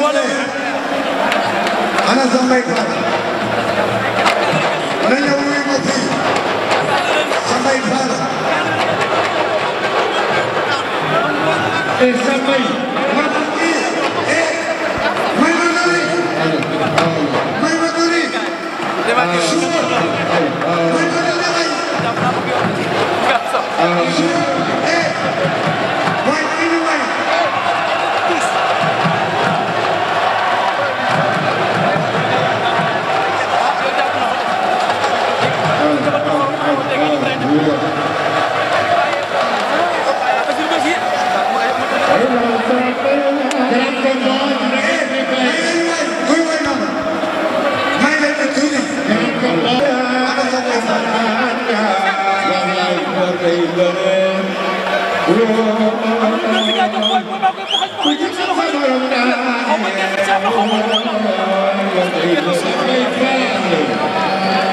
wane ana sambay ka na ñëw wi ma fii sambay faal e sambay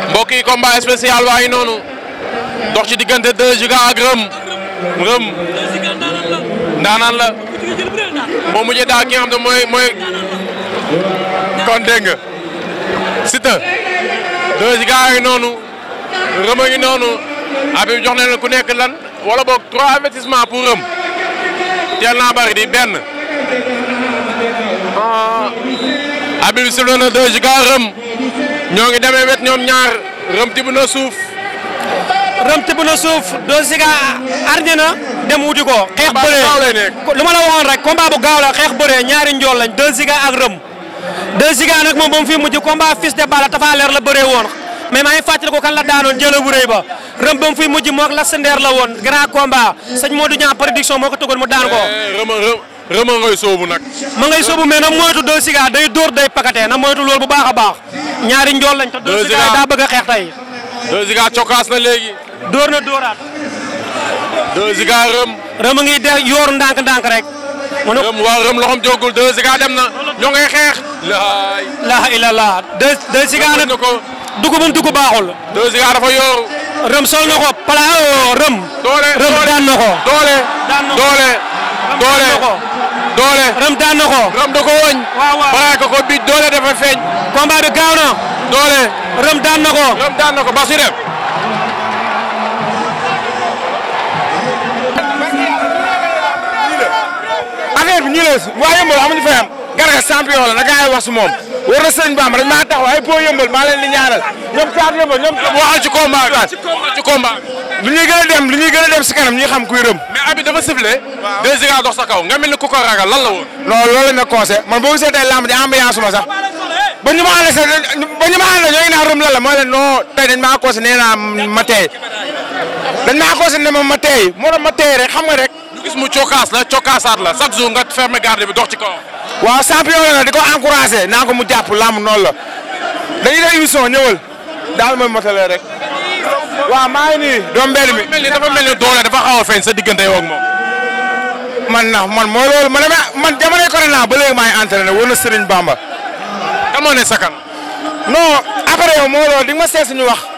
mbokk yi combat waa ngi noonu dox ci diggante 2 Giga ak Reum ndaanaan la moo mujjee daa ki xam ne mooy kon dégg nga Siteu 2 noonu Reum a ngi noonu Habib jox na ku nekk lan wala boog trois avertissement pour Reum teel naa bari di benn. Habib bi sifflé na deux ñoo ngi demee wet ñoom ñaar Reum tibb na suuf. Reum tibb na suuf deux Giga arñe na dem wuti ko. xeex bëree lu ma la waxoon rek combat bu gaaw la xeex bëree ñaari njool lañ deux Giga ak Reum. deux Giga nag moom ba mu fi mujj combat fils de balle Tapha Leer la bëree woon. mais maa ngi fàttali ko kan la daanoon jëlo bu ba rëm ba mu fiy mujj moog lasandeer la woon grand combat sëñ Modou Niang production moo ko tëggoon mu daan ko eh, rëma ngay soobu nag ma ngay soobu mais na moytu deux siga day dóor day pakate na moytu loolu bu baax baax ñaari njool lañ te deux siga daa bëgg a xeex tey deux cokaas na léegi dóor na dóoraat deux siga rëm a ngi de yoor ndànk-ndànk rek rëm waaw rëm loxom jógul deux siga dem na ñoo xeex la ilaha illallah deux dugubam dugub baaxul. deux Ziga dafa yooru. rëm sol na ko pala rëm. rëm daan na ko. doole doole. rëm daan na rëm da ko wëñ. waaw ko ko doole dafa feeñ. combat bi gaaw na. doole. rëm daan na ko. rëm daan na ko ba su dem. affaire bi ñu ne waaye moom na gars yi moom. war na sëñ Bamba dañ maa taxaw ay po yëmbal maa leen di ñaanal ñoom kaat yëmbal ñoom waxal ci combat bi ci combat bi lu ñuy gën a dem a si kanam ñuy xam kuy rëm mais abi dafa sifflé deux Giga dox sa kaw nga ni ku ko ma sax ba ñu ma ànd sax ba ñu ma ànd ñoo ngi naan maa conseil nee naa ma teey dañ maa conseil ne ma teey moo tax ma teey rek xam nga rek gis mu cokkaas la cokkaasaat la chaque jour nga fermer garde bi dox ci kawam. waaw champion la di ko encouragé naa ko mu jàpp làmb noonu la dañuy def émission ñëwal daal mooy motale rek. waaw maa ngi doom mbedd mi dafa mel ni dafa mel ni doole dafa xaw a feeñ sa diggante yow ak moom. man na man mooy loolu man damay man jamonoy corona ba léegi maa ngi entraîné woon na Serigne Bamba. kan moo ne sa moo loolu di ma seet suñu wax.